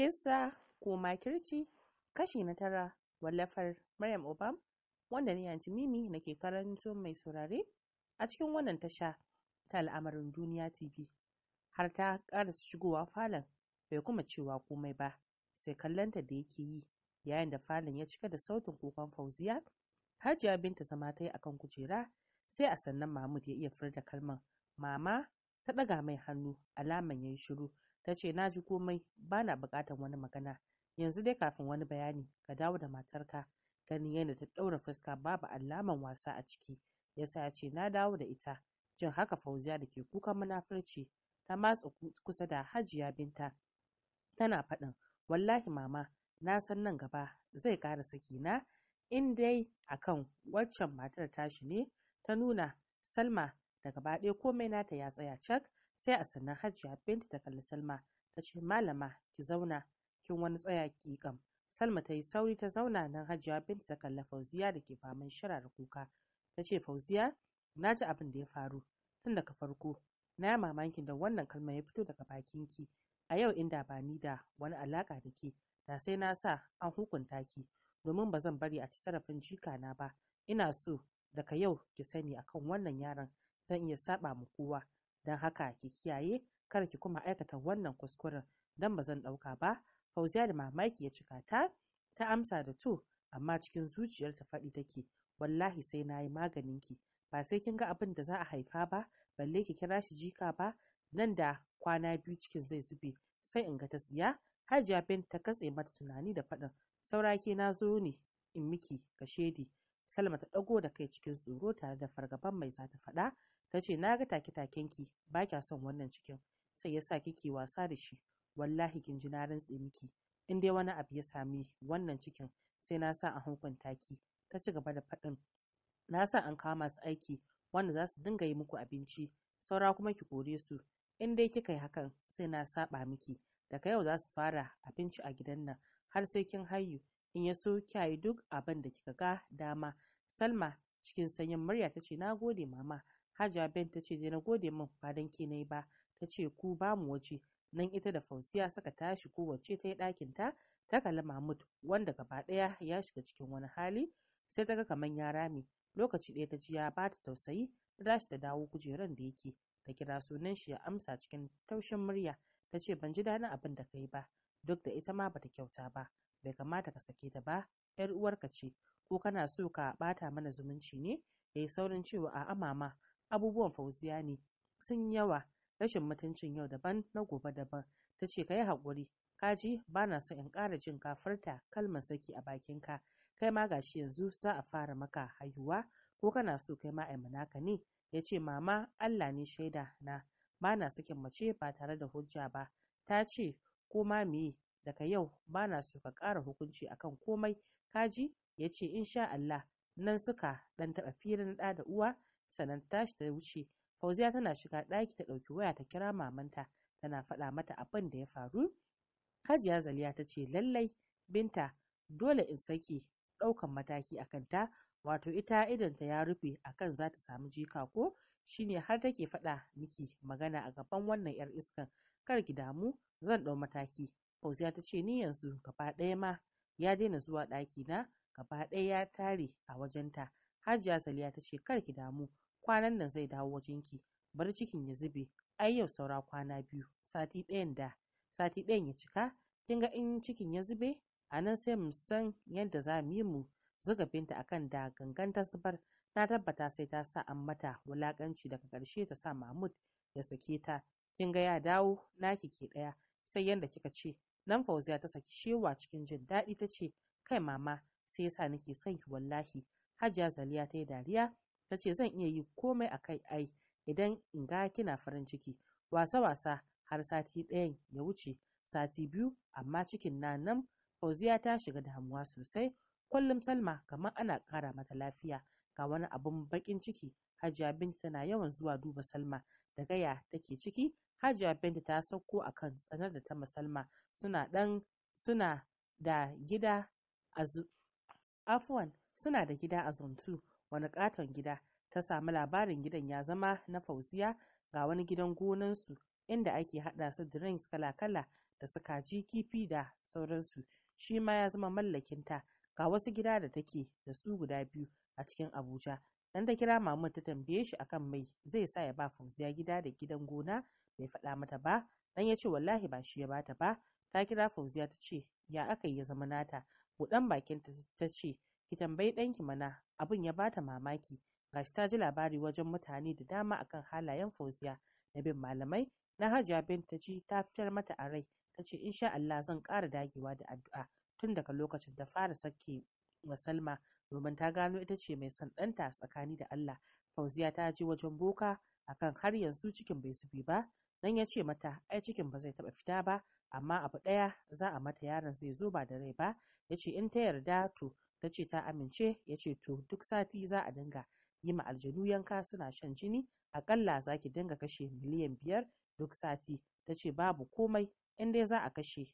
Kesa ko Makirci kashi na tara wallafar Maryam Obam wanda ni Anti Mimi nake karanto mai saurare a cikin wannan tasha ta al'amarin duniya TV har ta ƙara shigowa falon bai kuma cewa komai ba sai kallanta da yake yi yayin da falon ya cika da sautin kukan Fauziya Hajiya binta zama ta yi akan kujera sai a sannan Mahmud ya iya furta kalmar mama ta ɗaga mai hannu alaman ya shiru ta ce na ji komai ba na buƙatar wani magana yanzu dai kafin wani bayani ka dawo da matarka ganin yadda ta ɗaura fuska babu alaman wasa a ciki Ya sa ya ce na dawo da ita jin haka fauziya da ke kukan munafurci ta matsa kusa da hajiya binta tana faɗin wallahi mama na san nan gaba zai ƙara saki na in dai a kan waccan matar tashi ne ta nuna salma da gaba komai nata ya tsaya cak sai a sannan hajiya binta ta kalli salma ta ce malama ki zauna kin wani tsaya ki kam salma ta yi sauri ta zauna nan hajiya binta ta kalli fauziya da ke faman shira da kuka ta ce fauziya na ji abin da ya faru tun daga farko na yi mamakin da wannan kalma ya fito daga bakin ki a yau inda ba ni da wani alaƙa da ke da sai na sa an hukunta ki domin ba zan bari a ci sarrafin jika na ba ina so daga yau ki sani akan wannan yaron zan iya saɓa mu kowa Don haka ki kiyaye kar ki kuma aikata wannan kuskuren don ba zan ɗauka ba. Fauziya da mamaki ya cika ta, ta amsa da tu. amma cikin zuciyar ta faɗi take wallahi sai na yi maganin ki. ba sai kin ga abin da za a haifa ba balle ki kira shi jika ba nan da kwana biyu cikin zai zube sai in ga ta tsiya hajiya bin ta katse mata tunani da faɗin saura ke na zo ne in miki kashedi salma ta ɗago da kai cikin tsoro tare da fargaban mai za ta faɗa ta ce na ga take-takenki ba kya son wannan cikin sai ya sa kike wasa da shi wallahi kin ji na rantse miki in dai wani abu ya sami wannan cikin sai na sa a hukunta ki ta ci gaba da faɗin na sa an kawo masu aiki wanda za su dinga yi muku abinci saura kuma ki kore su in dai kika yi hakan sai na saɓa miki daga yau za su fara abinci a gidan nan har sai kin hayu in ya so kiyaye duk abin da kika ga dama salma cikin sanyin murya ta ce na gode mama Hajiya Ben ta ce dai na gode min ba dan ke nayi ba ta ce ku ba mu waje nan ita da Fausiya suka tashi kowace ta yi ɗakin ta ta kalli Mahmud wanda gaba ɗaya ya shiga cikin wani hali sai ta ga kamar ya rame lokaci ɗaya ta ji ya ba ta tausayi ta tashi ta dawo kujeran da yake ta kira sunan shi ya amsa cikin taushin murya ta ce ban ji daɗin abin da kai ba duk da ita ma bata kyauta ba bai kamata ka sake ta ba yar uwarka ce ko kana so ka ɓata mana zumunci ne yayi saurin cewa a'a mama abubuwan fauziya ne sun yawa rashin mutuncin yau daban na gobe daban ta ce ka yi haƙuri kaji ba na so in ƙara jin kafarta kalmar saki a bakinka kai ma gashi yanzu za a fara maka haihuwa ko kana so kai ma naka ne ya ce mama allah ne shaida na ba na sakin mace ba tare da hujja ba ta ce ko ma me daga yau ba na so ka ƙara hukunci akan komai kaji ya ce sha allah nan suka ɗan taɓa filin ɗa da uwa sannan ta tashi ta wuce fauziya tana shiga ɗaki ta ɗauki waya ta kira mamanta tana faɗa mata abin da ya faru hajiya zaliya ta ce lallai binta dole in sake ɗaukan mataki a kanta wato ita idonta ya rufe akan za ta samu jika ko shine har take faɗa miki magana a gaban wannan 'yar iskan kar ki damu zan ɗau mataki fauziya ta ce ni yanzu gaba ɗaya ma ya daina zuwa ɗaki na gaba ɗaya ya tare a wajenta hajiya zaliya ta ce kar ki damu kwanan nan zai dawo wajen ki. bari cikin ya zube ai yau saura kwana biyu sati ɗayan da sati ɗayan ya cika kin ga in cikin ya zube a nan sai mu san yadda za mu yi mu zuga binta akan da gangan ta zubar na tabbata sai ta sa an mata wulaƙanci daga ƙarshe ta sa mahmud ya sake ta kin ga ya dawo naki ke ɗaya sai yadda kika ce nan fauziya ta saki shewa cikin jin daɗi ta ce kai mama sai yasa nake son ki wallahi hajiya zaliya ta yi dariya ta ce zan iya yi komai a kai ai idan in ga kina farin ciki wasa-wasa har sati ɗayan ya wuce sati biyu amma cikin na nan fauziya ta shiga damuwa sosai kullum salma kamar ana ƙara mata lafiya ga wani abun baƙin ciki hajiya binta tana yawan zuwa duba salma da gaya take ciki hajiya binta ta sauko akan tsanar da ta musalma suna ɗan suna da gida a afuwan suna da gida a zontu wani katon gida ta sami labarin gidan ya zama na fauziya ga wani gidan gonansu inda ake haɗa su drinks kala-kala da su kaji kifi da sauransu shi ma ya zama mallakinta ga wasu gida da take da su guda biyu a cikin abuja dan ta kira mamun ta tambaye shi akan mai zai sa ya ba fauziya gida da gidan gona bai faɗa mata ba dan ya ce wallahi ba shi ya bata ba ta kira fauziya ta ce ya aka yi ya zama nata buɗan bakin ta ce ki tambayi ɗanki mana Abun ya bata mamaki gashi ta ji labari wajen mutane da dama akan halayen fauziya na bin malamai na hajiya bin ta ji ta fitar mata a rai ta ce insha Allah zan ƙara dagewa da addu'a tun daga lokacin da fara sake wa Salma domin ta gano ita ce mai son ɗanta tsakani da Allah fauziya ta je wajen boka akan har yanzu cikin bai zube ba nan ya ce mata ai cikin ba zai taɓa fita ba amma abu ɗaya za a mata yaron zai zo ba da rai ba ya ce in ta yarda to ta ce ta amince ya ce to duk sati za a dinga yi ma aljanu yanka suna shan jini akalla za ki dinga kashe miliyan biyar duk sati ta ce babu komai in dai za a kashe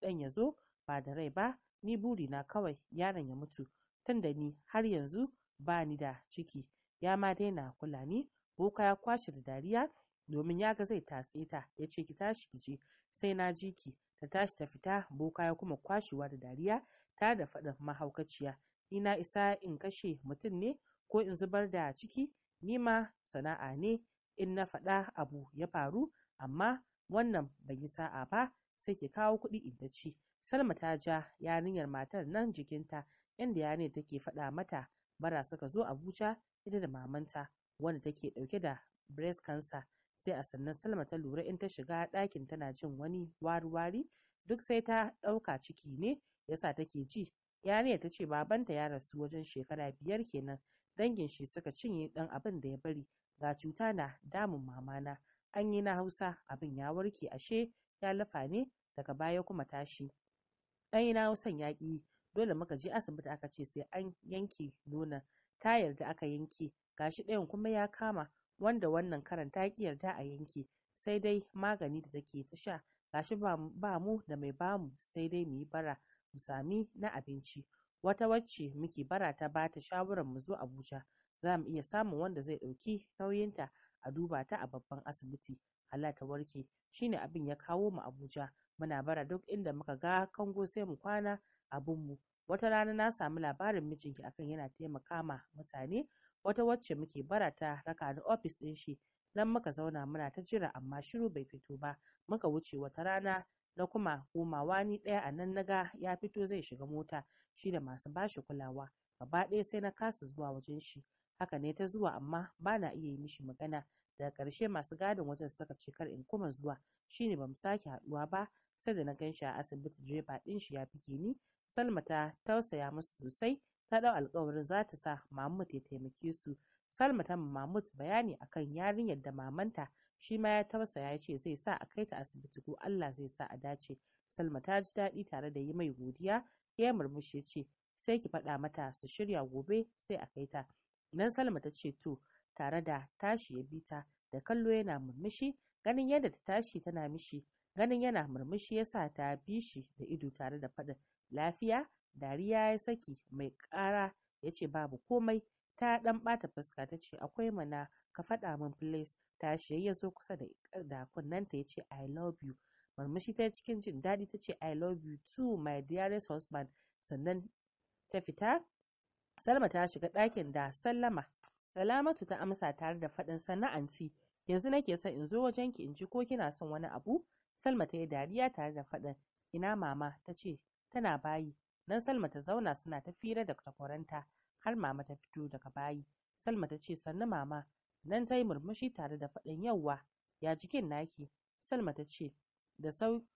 dan ya zo ba da rai ba ni buri na kawai yaron ya mutu tun da ni har yanzu ba ni da ciki ya ma daina kula ni boka ya kwashe da dariya domin ya ga zai tatse ta ya ce ki tashi ki je sai na ji ki ta tashi ta fita boka ya kuma kwashewa da dariya ta da faɗin mahaukaciya ni na isa in kashe mutum ne ko in zubar da ciki ni ma sana'a ne in na faɗa abu ya faru amma wannan ban yi sa'a ba sai ki kawo kuɗi in ta ci salma ta ja yarinyar matar nan jikinta yadda yarinyar take faɗa mata bara suka zo abuja ita da mamanta wanda take ɗauke da breast cancer sai a sannan salma ta lura in ta shiga ɗakin tana jin wani wari-wari duk sai ta ɗauka ciki ne yasa take ji yariya ta ce babanta ya rasu wajen shekara biyar kenan dangin shi suka cinye ɗan abin da ya bari ga cuta na damun mamana an yi na hausa abin ya warke ashe ya lafa ne daga baya kuma tashi an yi na hausan ya ƙi dole muka je asibiti aka ce sai an yanke nonon tayar da aka yanke gashi ɗayan kuma ya kama wanda wannan karan ta ki yarda a yanke sai dai magani da take ta sha gashi ba mu da mai bamu sai dai mu yi bara mu sami na abinci wata wacce muke bara ta ba ta shawarar mu zo Abuja za mu iya samun wanda zai ɗauki nauyinta a duba ta a babban asibiti Allah ta warke shine abin ya kawo mu Abuja muna bara duk inda muka ga kango sai mu kwana abin mu wata rana na samu labarin mijinki akan yana taimaka ma mutane wata wacce muke barata raka ni ofis ɗin shi nan muka zauna muna ta jira amma shiru bai fito ba muka wuce wata rana na kuma komawa ni ɗaya a nan naga ya fito zai shiga mota shi da masu bashi kulawa gaba ɗaya sai na kasa zuwa wajen shi haka ne ta zuwa amma ba na iya yi mishi magana daga ƙarshe masu gadin wajen suka ce kar in kuma zuwa shine bamu sake haɗuwa ba sai da na gan shi a asibiti direba ɗin shi ya fike ni salma ta tausaya musu sosai ta ɗau alƙawarin za ta sa Mahmud ya taimake su. Salma ta Mahmud bayani akan yarinyar da mamanta shi ma ya tausaya ya ce zai sa a kai ta asibiti ko Allah zai sa a dace. Salma ta ji daɗi tare da yi mai godiya ya murmushi ya ce sai ki faɗa mata su shirya gobe sai a kai ta. Nan Salma ta ce to tare da tashi ya bi ta da kallo yana murmushi ganin yadda ta tashi tana mishi ganin yana murmushi ya sa ta bi shi da ido tare da faɗin lafiya dariya ya saki mai ƙara ya ce babu komai ta ɗan ɓata fuska ta ce akwai mana ka faɗa min ta tashi ya zo kusa da da ta ya ce i love you murmushi ta cikin jin daɗi ta ce i love you too my dearest husband sannan ta fita salma ta shiga ɗakin da sallama salamatu ta amsa tare da faɗin sana'anci, yanzu nake son in zo wajen ki in ji ko kina son wani abu salma ta yi dariya tare da faɗin ina mama ta ce tana bayi Nan Salma ta zauna suna ta fira da takwaranta har mama ta fito daga bayi. Salma ta ce sannu mama. Nan ta yi murmushi tare da faɗin yauwa ya jikin naki. Salma ta ce da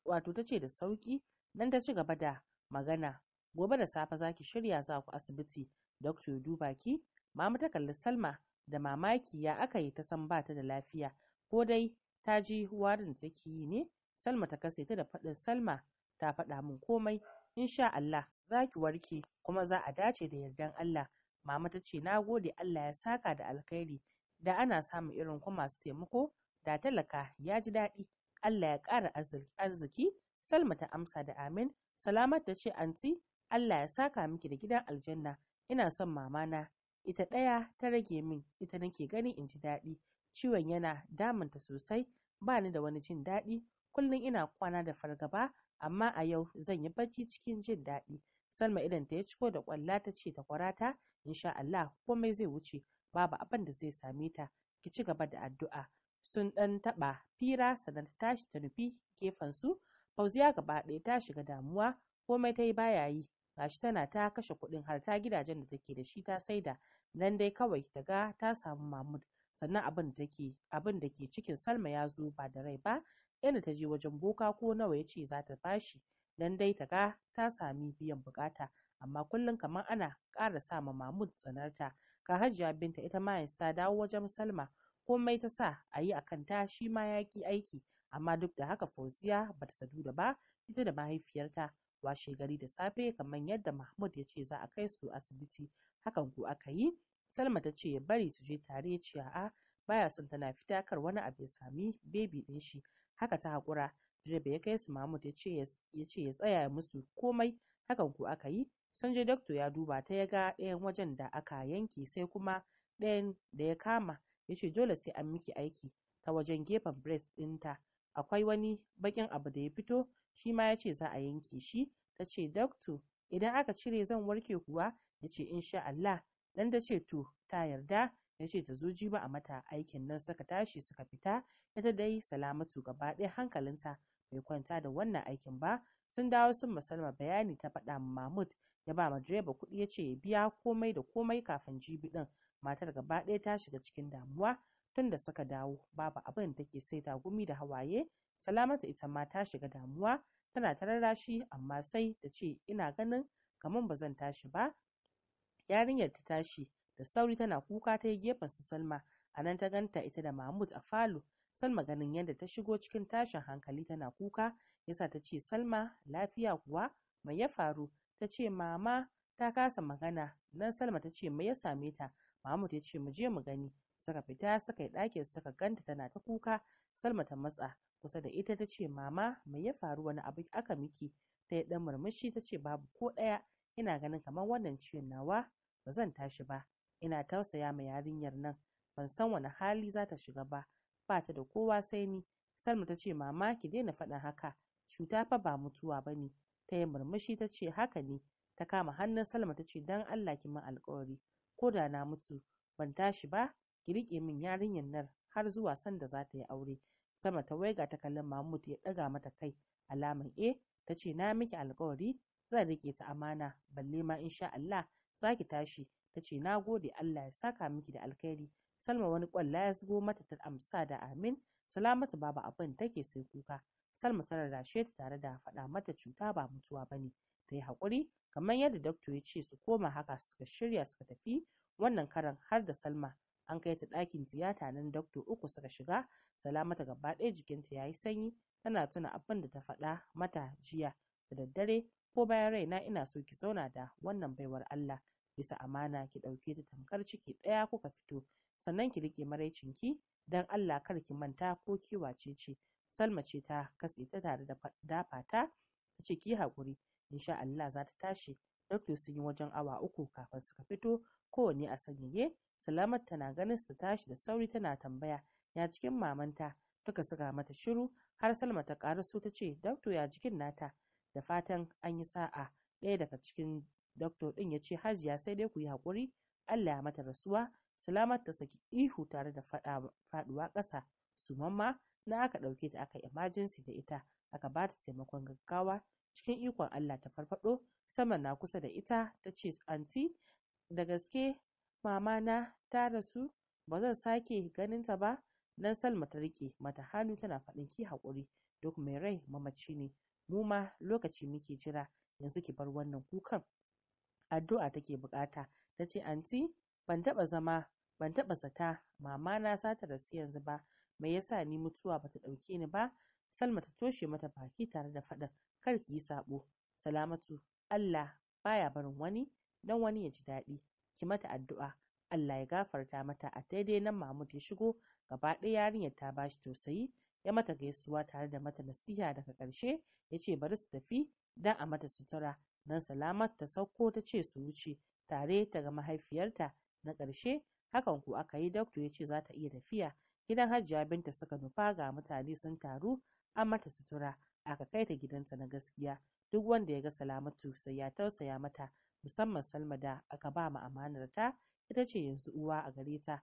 wato ta ce da sauki nan ta ci gaba da magana. Gobe da safe za ki shirya za ku asibiti. doctor ya duba ki. Mama ta kalli Salma da mamaki ya aka yi ta san ba ta da lafiya. Ko dai ta ji warin da take yi ne? Salma ta kasa ta da faɗin Salma ta faɗa min komai insha Allah za ki warke kuma za a dace da yardan Allah mama ta ce na gode Allah ya saka da alkhairi da ana samun irin ku masu taimako da talaka ya ji daɗi Allah ya ƙara arziki Salma ta amsa da amin Salamat ta ce anti Allah ya saka miki da gidan aljanna ina son mamana ita ɗaya ta rage min ita nake gani in ji daɗi ciwon yana damunta sosai ba ni da wani jin daɗi kullum ina kwana da fargaba amma a yau zan yi bacci cikin jin daɗi salma idan ta ya ciko da kwalla ta ce ta kwarata insha Allah komai zai wuce babu abin da zai same ta ki ci gaba da addu'a sun ɗan taɓa fira sannan ta tashi ta nufi gefen su fauziya gaba ɗaya ta shiga damuwa komai ta yi baya yi gashi tana ta kashe kuɗin har ta gidajen da take da shi ta saida nan dai kawai ta ga ta samu mahmud sannan abin da ke cikin Salma ya zo ba da rai ba yadda ta je wajen boka ko nawa ya ce za ta bashi dan dai ta ga ta sami biyan bukata amma kullum kamar ana ƙara sa ma Mahmud tsanarta Ka Hajiya Binta ita ma ta dawo wajen Salma komai ta sa a yi a kanta shi ma ya ƙi aiki amma duk da haka Fauziya bata sadu da ba ita da mahaifiyarta washe gari da safe kamar yadda Mahmud ya ce za a kai su asibiti hakan ko aka yi Salma ta ce ya bari su je tare ya ce a'a baya son tana fita kar wani abu ya sami bebi ɗin shi haka ta hakura direba ya kai su Mahmud ya ce ya tsaya musu komai hakan ko aka yi sun je doctor ya duba ta ya ga ɗayan wajen da aka yanke sai kuma ɗayan da ya kama ya ce dole sai an miki aiki ta wajen gefen breast ɗinta akwai wani bakin abu da ya fito shi ma ya ce za a yanke shi ta ce doctor idan aka cire zan warke kuwa ya ce insha Allah Dan ta ce to ta yarda ya ce ta zo jiba a mata aikin nan suka tashi suka fita ita dai salamatu gaba ɗaya hankalinta bai kwanta da wannan aikin ba sun dawo sun masalma bayani ta faɗa ma mahmud ya ba ma direba kuɗi ya ce ya biya komai da komai kafin jibi ɗin matar gaba ɗaya ta shiga cikin damuwa tun da suka dawo babu abin da take sai gumi da hawaye salamatu ita ma ta shiga damuwa tana ta rarrashi amma sai ta ce ina ganin kamar ba zan tashi ba Yarinyar ta tashi da sauri tana kuka ta yi gefen su Salma a nan ta ganta ita da Mahmud a falo. Salma ganin yadda ta shigo cikin tashin hankali tana kuka yasa ta ce Salma lafiya kuwa mai ya faru ta ce mama ta kasa magana nan Salma ta ce mai ya same ta Mahmud ya ce mu je mu gani suka fita suka yi ɗakin suka ganta tana ta kuka Salma ta matsa kusa da ita ta ce mama mai ya faru wani abu aka miki ta yi ɗan murmushi ta ce babu ko ɗaya ina ganin kamar wannan ciwon nawa ba zan tashi ba ina tausaya ma yarinyar nan ban san wani hali za ta shiga ba ba ta da kowa sai ni salma ta ce mama ki daina faɗin haka cuta fa ba mutuwa ba ne ta yi murmushi ta ce haka ne ta kama hannun salma ta ce don allah ki min alkawari ko da na mutu ban tashi ba ki riƙe min yarinyar nan har zuwa sanda za ta yi aure sama ta waiga ta kallon mahmud ya ɗaga mata kai Alamar A eh, ta ce na miki alkawari zan riƙe ta amana balle ma insha allah za ki tashi ta ce na gode Allah ya saka miki da alkhairi Salma wani kwalla ya zubo mata ta amsa da amin salamata babu abin take sai kuka Salma ta rarrashe ta tare da faɗa mata cuta ba mutuwa bane ta yi haƙuri kamar yadda doctor ya ce su koma haka suka shirya suka tafi wannan karan har da Salma an kai ta ɗakin tiyata nan doctor uku suka shiga salamata gaba ɗaya jikinta ya yi sanyi tana tuna abin da ta faɗa mata jiya da daddare ko bayan raina ina so ki zauna da wannan baiwar Allah bisa amana ki ɗauke ta tamkar ciki ɗaya kuka fito sannan ki riƙe maraicin ki don Allah kar ki manta ko ki ce Salma ce ta katse ta tare da dafa ta ta ce ki hakuri. insha Allah za ta tashi ɗauke sun yi wajen awa uku kafin suka fito kowanne a sanyaye salamat tana ganin su ta tashi da sauri tana tambaya ya cikin mamanta duka suka mata shiru har salma ta ƙara so ta ce ya jikin nata da fatan an yi sa'a ɗaya daga cikin doktor ɗin ya ce hajiya sai dai ku yi haƙuri allah ya mata rasuwa salamat ta saki ihu tare da faɗuwa ƙasa su mamma na aka ɗauke ta aka emergency da ita aka ba ta taimakon gaggawa cikin ikon allah ta farfaɗo sama na kusa da ita ta ce anti da gaske mama na ta rasu ba zan sake ganin ta ba nan salma ta riƙe mata hannu tana faɗin ki haƙuri duk mai rai mamaci ne mu ma lokaci muke jira yanzu ki bar wannan kukan addu'a take buƙata ta ce anti ban taɓa zama ban taɓa zata mama na sata da su yanzu ba me yasa ni mutuwa bata ɗauke ni ba salma ta toshe mata baki tare da faɗin kar ki yi saɓo, salamatu allah baya barin wani dan wani ya ji daɗi ki mata addu'a Allah ya gafarta mata a daidai nan Mahmud ya shigo gaba ɗaya yarinyar ta bashi tausayi ya mata gaisuwa tare da mata nasiha daga ƙarshe ya ce bari su tafi don a mata sutura don salamat ta sauko ta ce su wuce tare ta mahaifiyarta na ƙarshe hakan ko aka yi doctor ya ce za ta iya tafiya gidan hajiya binta suka nufa ga mutane sun taru an mata sutura aka kai ta gidanta na gaskiya duk wanda ya ga salamatu sai ya tausaya mata musamman salma da aka ba mu amanar ta ita ce yanzu uwa a gare ta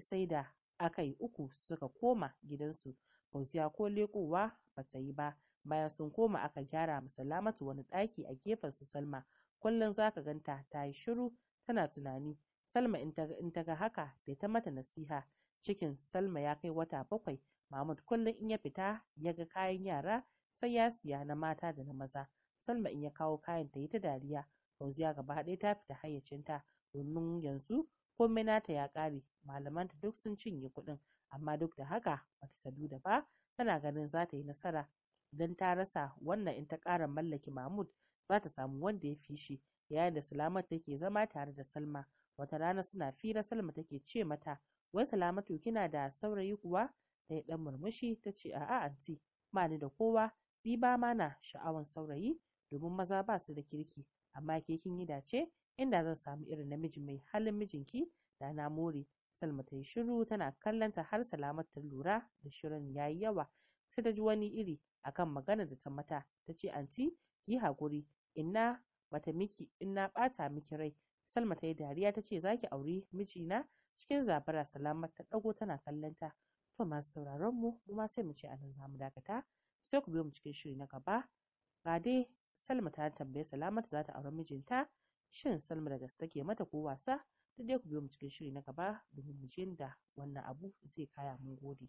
sai da aka yi uku suka koma gidansu fauziya ko leƙowa ba ta yi ba bayan sun koma aka gyara ma salamatu wani ɗaki a gefen su salma kullum za ka ganta ta yi shiru tana tunani salma in ta ga haka da ta mata nasiha cikin salma ya kai wata bakwai mahmud kullum in ya fita ya ga kayan yara sai ya siya na mata da na maza salma in ya kawo kayan ta yi ta dariya fauziya gaba ɗaya ta fita hayyacinta domin yanzu komai nata ya ƙare malamanta duk sun cinye kuɗin amma duk da haka bata sadu da ba tana ganin za ta yi nasara idan ta rasa wannan in ta ƙara mallaki mahmud za ta samu wanda ya fi shi yayin da salamat take zama tare da salma wata rana suna fira salma take ce mata wai salamatu kina da saurayi kuwa ta yi ɗan murmushi ta ce a'a anti ba ni da kowa ni ba na sha'awan saurayi domin maza ba su da kirki amma ke kin yi dace inda zan samu irin namiji mai halin mijinki da na more Salma ta yi shiru tana kallonta har Salamat ta lura da shirin ya yi yawa sai ta ji wani iri akan maganar da ta mata ta ce anti ki haƙuri ina bata miki ɓata miki rai Salma ta yi dariya ta ce zaki auri mijina cikin zabara Salamat ta ɗago tana kallonta to masu sauraron mu mu ma sai mu ce anan mu dakata sai ku biyo mu cikin shiri na gaba ga dai Salma ta tambaye Salamat za ta auri mijinta shin Salma da gaske take mata ko wasa duk dai ku biyo mu cikin shiri na gaba domin mu da wannan abu zai kaya mun gode